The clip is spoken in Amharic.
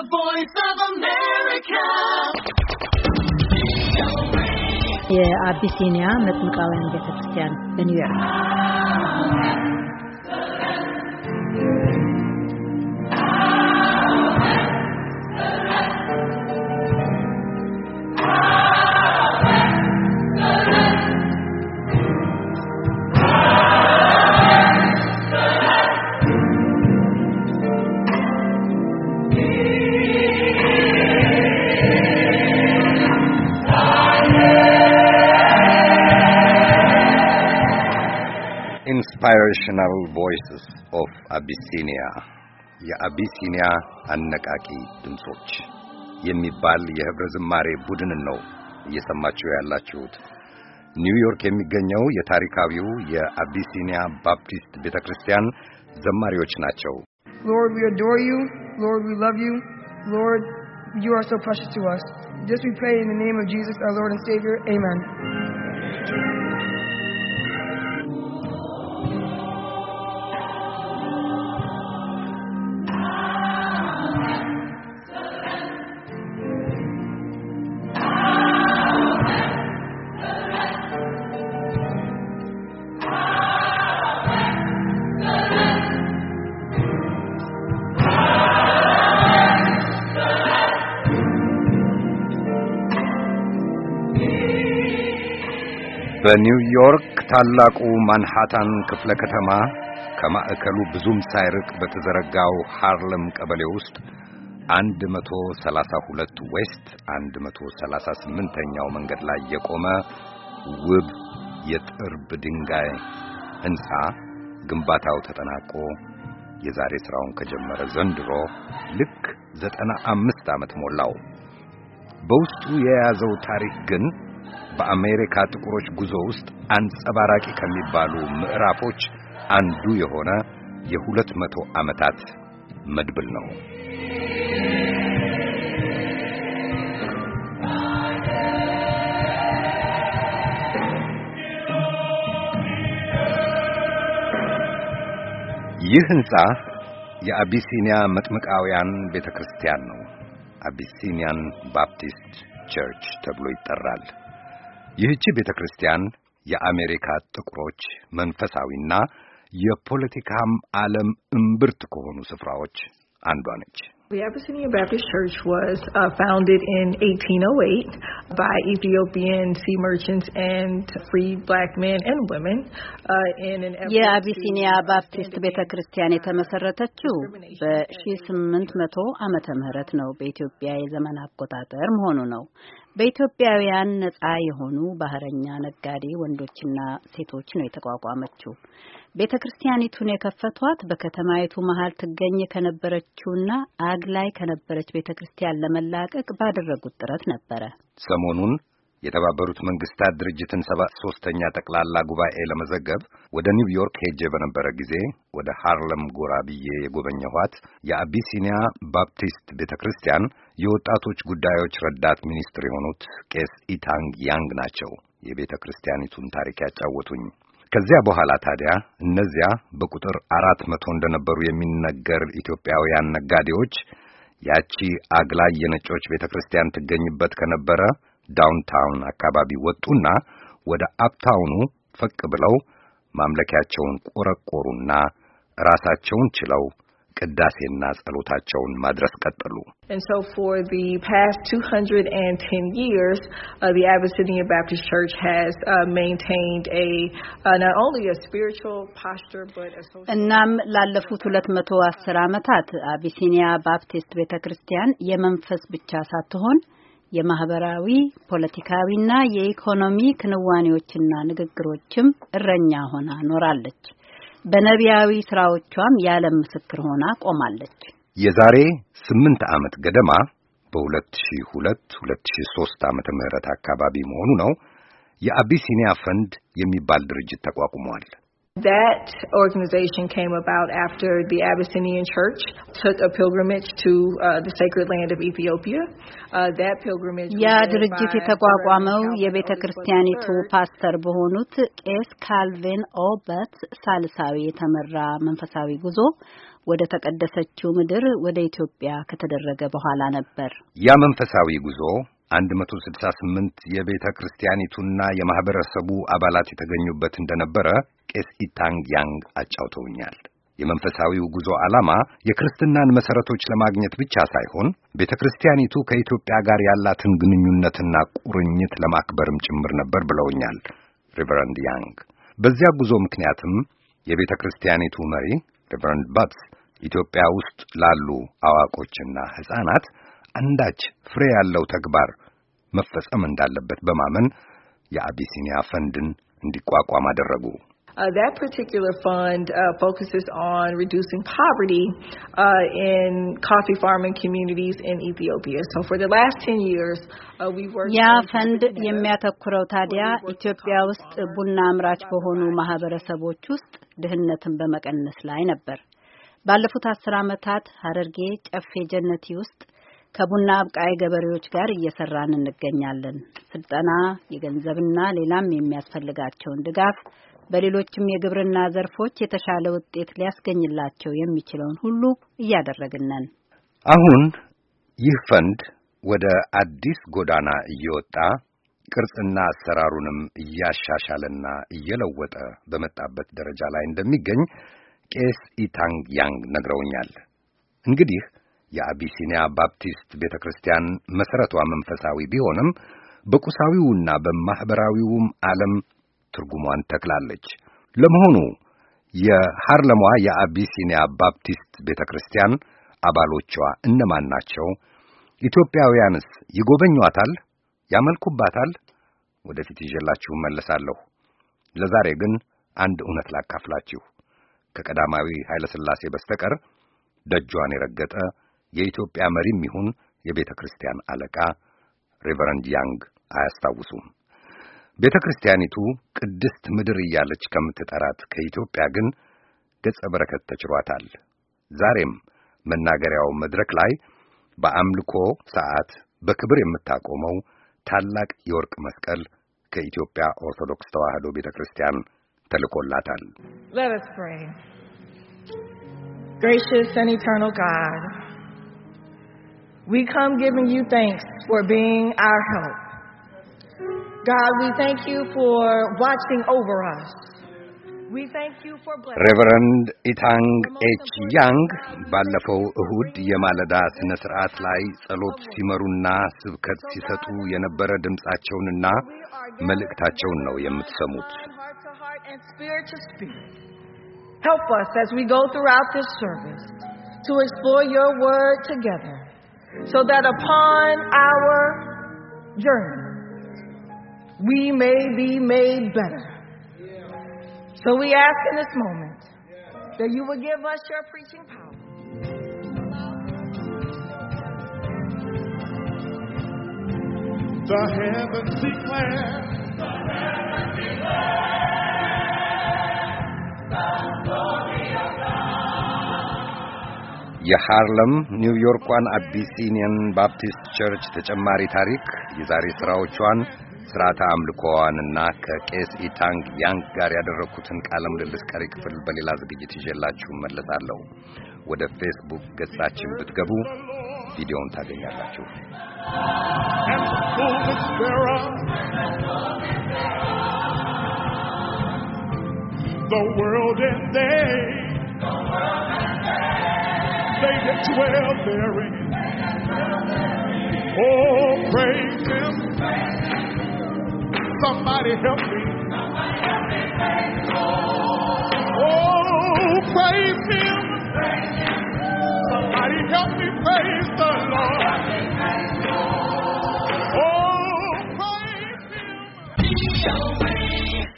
The voice of America. የአቢሲኒያ መጥምቃውያን ቤተ ክርስቲያን በኒውዮርክ inspirational voices of Abyssinia. የአቢሲኒያ አነቃቂ ድምጾች የሚባል የህብረ ዝማሬ ቡድንን ነው እየሰማችሁ ያላችሁት። ኒውዮርክ የሚገኘው የታሪካዊው የአቢሲኒያ ባፕቲስት ቤተክርስቲያን ዘማሪዎች ናቸው። Lord, we adore you. Lord, we love you. Lord, you are so precious to us. This we pray in the name of Jesus, our Lord and Savior. Amen. በኒውዮርክ ታላቁ ማንሃታን ክፍለ ከተማ ከማዕከሉ ብዙም ሳይርቅ በተዘረጋው ሃርለም ቀበሌ ውስጥ 132 ዌስት 138ኛው መንገድ ላይ የቆመ ውብ የጥርብ ድንጋይ ሕንፃ ግንባታው ተጠናቆ የዛሬ ስራውን ከጀመረ ዘንድሮ ልክ ዘጠና አምስት ዓመት ሞላው። በውስጡ የያዘው ታሪክ ግን በአሜሪካ ጥቁሮች ጉዞ ውስጥ አንጸባራቂ ከሚባሉ ምዕራፎች አንዱ የሆነ የሁለት መቶ ዓመታት መድብል ነው። ይህ ሕንፃ የአቢሲኒያ መጥምቃውያን ቤተ ክርስቲያን ነው። አቢሲኒያን ባፕቲስት ቸርች ተብሎ ይጠራል። ይህቺ ቤተ ክርስቲያን የአሜሪካ ጥቁሮች መንፈሳዊና የፖለቲካም ዓለም እምብርት ከሆኑ ስፍራዎች አንዷ ነች። The Abyssinia Baptist Church was uh, founded in 1808 by Ethiopian sea merchants and free black men and women. Uh, የአቢሲኒያ ባፕቲስት ቤተ ክርስቲያን የተመሰረተችው በ1800 ዓመተ ምህረት ነው። በኢትዮጵያ የዘመን አቆጣጠር መሆኑ ነው። በኢትዮጵያውያን ነጻ የሆኑ ባህረኛ ነጋዴ ወንዶችና ሴቶች ነው የተቋቋመችው። ቤተ ክርስቲያኒቱን የከፈቷት በከተማይቱ መሀል ትገኝ ከነበረችውና አግላይ ከነበረች ቤተ ክርስቲያን ለመላቀቅ ባደረጉት ጥረት ነበረ። ሰሞኑን የተባበሩት መንግስታት ድርጅትን ሰባ ሶስተኛ ጠቅላላ ጉባኤ ለመዘገብ ወደ ኒውዮርክ ሄጄ በነበረ ጊዜ ወደ ሃርለም ጎራ ብዬ የጎበኘኋት የአቢሲኒያ ባፕቲስት ቤተ ክርስቲያን የወጣቶች ጉዳዮች ረዳት ሚኒስትር የሆኑት ቄስ ኢታንግ ያንግ ናቸው። የቤተ ክርስቲያኒቱን ታሪክ ያጫወቱኝ ከዚያ በኋላ ታዲያ እነዚያ በቁጥር አራት መቶ እንደነበሩ የሚነገር ኢትዮጵያውያን ነጋዴዎች ያቺ አግላይ የነጮች ቤተ ክርስቲያን ትገኝበት ከነበረ ዳውንታውን አካባቢ ወጡና ወደ አፕታውኑ ፈቅ ብለው ማምለኪያቸውን ቆረቆሩና ራሳቸውን ችለው ቅዳሴና ጸሎታቸውን ማድረስ ቀጠሉ። uh, uh, uh, እናም ላለፉት ሁለት መቶ አስር ዓመታት አቢሲኒያ ባፕቲስት ቤተ ክርስቲያን የመንፈስ ብቻ ሳትሆን የማህበራዊ ፖለቲካዊና የኢኮኖሚ ክንዋኔዎችና ንግግሮችም እረኛ ሆና ኖራለች። በነቢያዊ ስራዎቿም የዓለም ምስክር ሆና ቆማለች። የዛሬ ስምንት ዓመት ገደማ በ2002 2003 ዓመተ ምህረት አካባቢ መሆኑ ነው የአቢሲኒያ ፈንድ የሚባል ድርጅት ተቋቁሟል። That organization came about after the Abyssinian Church took a pilgrimage to uh, the sacred land of Ethiopia. Uh, that pilgrimage ያ ድርጅት የተቋቋመው የቤተ ክርስቲያኒቱ ፓስተር በሆኑት ቄስ ካልቪን ኦበት ሳልሳዊ የተመራ መንፈሳዊ ጉዞ ወደ ተቀደሰችው ምድር ወደ ኢትዮጵያ ከተደረገ በኋላ ነበር። ያ መንፈሳዊ ጉዞ 168 የቤተ ክርስቲያኒቱና የማኅበረሰቡ አባላት የተገኙበት እንደነበረ ቄስ ኢታንግ ያንግ አጫውተውኛል። የመንፈሳዊው ጉዞ ዓላማ የክርስትናን መሠረቶች ለማግኘት ብቻ ሳይሆን ቤተ ክርስቲያኒቱ ከኢትዮጵያ ጋር ያላትን ግንኙነትና ቁርኝት ለማክበርም ጭምር ነበር ብለውኛል ሪቨረንድ ያንግ። በዚያ ጉዞ ምክንያትም የቤተ ክርስቲያኒቱ መሪ ሪቨረንድ ባትስ ኢትዮጵያ ውስጥ ላሉ አዋቆችና ሕፃናት አንዳች ፍሬ ያለው ተግባር መፈጸም እንዳለበት በማመን የአቢሲኒያ ፈንድን እንዲቋቋም አደረጉ። uh, that particular fund uh, focuses on reducing poverty uh, in coffee farming communities in Ethiopia. So for the last 10 years, uh, worked... ያ ፈንድ የሚያተኩረው ታዲያ ኢትዮጵያ ውስጥ ቡና አምራች በሆኑ ማህበረሰቦች ውስጥ ድህነትን በመቀነስ ላይ ነበር። ባለፉት አስር ዓመታት ሀረርጌ ጨፌ ጀነቲ ውስጥ ከቡና አብቃይ ገበሬዎች ጋር እየሰራን እንገኛለን። ስልጠና፣ የገንዘብና ሌላም የሚያስፈልጋቸውን ድጋፍ በሌሎችም የግብርና ዘርፎች የተሻለ ውጤት ሊያስገኝላቸው የሚችለውን ሁሉ እያደረግን ነን። አሁን ይህ ፈንድ ወደ አዲስ ጎዳና እየወጣ ቅርጽና አሰራሩንም እያሻሻለና እየለወጠ በመጣበት ደረጃ ላይ እንደሚገኝ ቄስ ኢታንግ ያንግ ነግረውኛል። እንግዲህ የአቢሲኒያ ባፕቲስት ቤተ ክርስቲያን መሠረቷ መንፈሳዊ ቢሆንም በቁሳዊውና በማኅበራዊውም ዓለም ትርጉሟን ተክላለች። ለመሆኑ የሐርለሟ የአቢሲኒያ ባፕቲስት ቤተ ክርስቲያን አባሎቿ እነማን ናቸው? ኢትዮጵያውያንስ ይጎበኟታል? ያመልኩባታል? ወደፊት ይዤላችሁ መለሳለሁ። ለዛሬ ግን አንድ እውነት ላካፍላችሁ። ከቀዳማዊ ኃይለ ሥላሴ በስተቀር ደጇን የረገጠ የኢትዮጵያ መሪም ይሁን የቤተ ክርስቲያን አለቃ ሬቨረንድ ያንግ አያስታውሱም። ቤተ ክርስቲያኒቱ ቅድስት ምድር እያለች ከምትጠራት ከኢትዮጵያ ግን ገጸ በረከት ተችሯታል። ዛሬም መናገሪያው መድረክ ላይ በአምልኮ ሰዓት በክብር የምታቆመው ታላቅ የወርቅ መስቀል ከኢትዮጵያ ኦርቶዶክስ ተዋሕዶ ቤተ ክርስቲያን ተልኮላታል። Let us pray. Gracious and eternal God, We come giving you thanks for being our help. God, we thank you for watching over us. We thank you for blessing Reverend Itang H. Young, Balafo Hood, Yamalada, Sinatra Aslai, Salot Simaruna, Sivkat Sisatu, Yanabaradam Sachonna, Melik Tachonno, Yamut Samut. Help us as we go throughout this service to explore your word together so that upon our journey we may be made better. So we ask in this moment that you will give us your preaching power. The heavens declare. The heavens declare. የሃርለም ኒውዮርኳን አቢሲኒያን ባፕቲስት ቸርች ተጨማሪ ታሪክ የዛሬ ሥራዎቿን ስርዓተ አምልኮዋንና ከቄስ ኢታንግ ያንግ ጋር ያደረግኩትን ቃለ ምልልስ ቀሪ ክፍል በሌላ ዝግጅት ይዤላችሁ መለሳለሁ። ወደ ፌስቡክ ገጻችን ብትገቡ ቪዲዮውን ታገኛላችሁ። The world in there. well bearing. Oh, praise Him. Somebody help me. Oh, praise Him. Somebody help me praise the Lord.